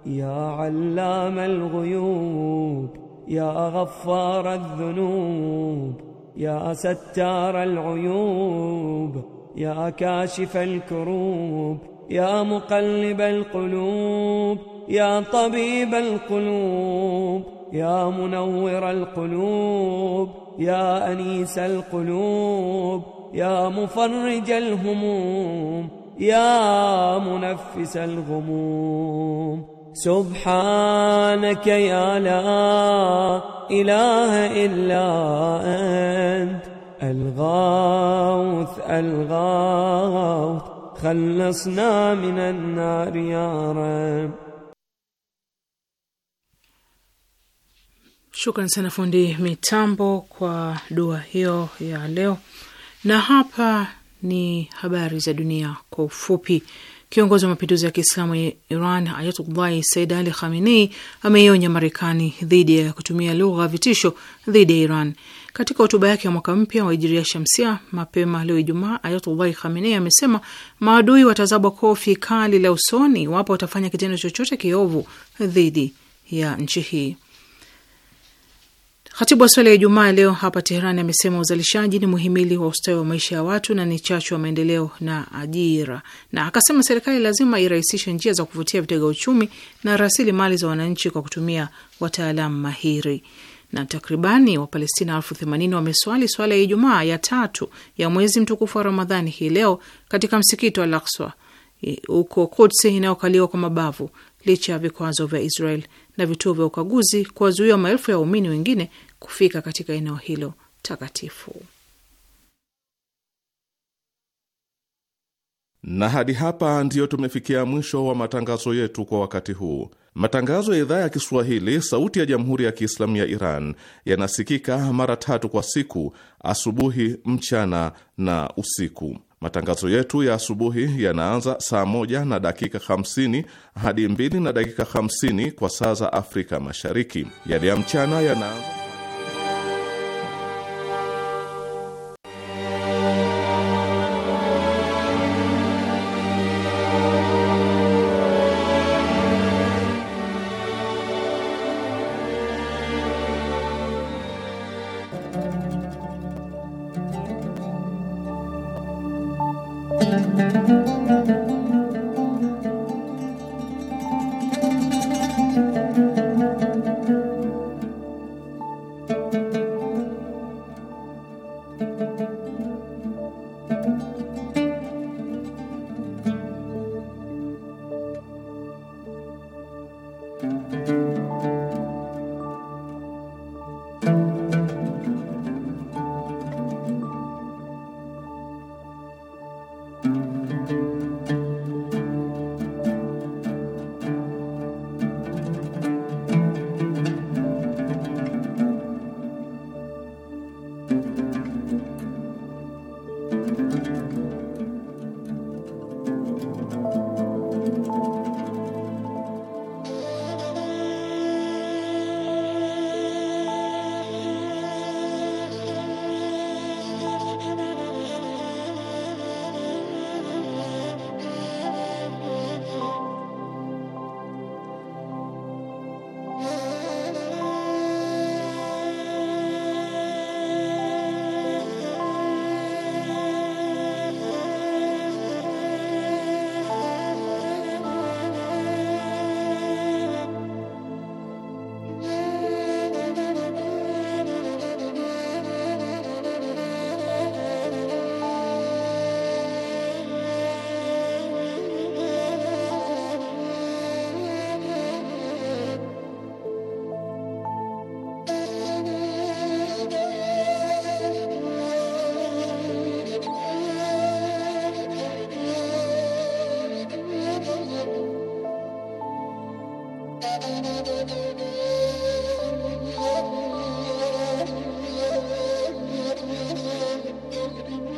يا علام الغيوب يا غفار الذنوب يا ستار العيوب يا كاشف الكروب يا مقلب القلوب يا طبيب القلوب يا منور القلوب يا أنيس القلوب يا مفرج الهموم يا منفس الغموم سبحانك يا لا إله إلا أنت الغاوث الغاوث خلصنا من النار يا رب شكرا سنة فندي ميتامبو كوا دوا هيو يا ليو نا هابا ني هباري زدنيا كو Kiongozi wa mapinduzi ya Kiislamu ya Iran Ayatullahi Said Ali Khamenei ameionya Marekani dhidi ya kutumia lugha ya vitisho dhidi ya Iran. Katika hotuba yake ya mwaka mpya wa Hijiria Shamsia mapema leo Ijumaa, Ayatullahi Khamenei amesema maadui watazabwa kofi kali la usoni iwapo watafanya kitendo chochote kiovu dhidi ya nchi hii. Khatibu wa swala ya Ijumaa leo hapa Teherani amesema uzalishaji ni muhimili wa ustawi wa maisha ya watu na ni chachu wa maendeleo na ajira, na akasema serikali lazima irahisishe njia za kuvutia vitega uchumi na rasilimali za wananchi kwa kutumia wataalamu mahiri. Na takribani Wapalestina elfu themanini wameswali swala ya Ijumaa ya tatu ya mwezi mtukufu wa Ramadhani hii leo katika msikiti wa Al-Aqsa eh, huko Kudsi inayokaliwa kwa mabavu licha ya vikwazo vya Israel na vituo vya ukaguzi kuwazuia maelfu ya waumini wengine kufika katika eneo hilo takatifu. Na hadi hapa ndiyo tumefikia mwisho wa matangazo yetu kwa wakati huu. Matangazo ya idhaa ya Kiswahili sauti ya jamhuri ya Kiislamu ya Iran yanasikika mara tatu kwa siku: asubuhi, mchana na usiku. Matangazo yetu ya asubuhi yanaanza saa moja na dakika 50 hadi mbili na dakika 50 kwa saa za Afrika Mashariki. Yale ya mchana yanaanza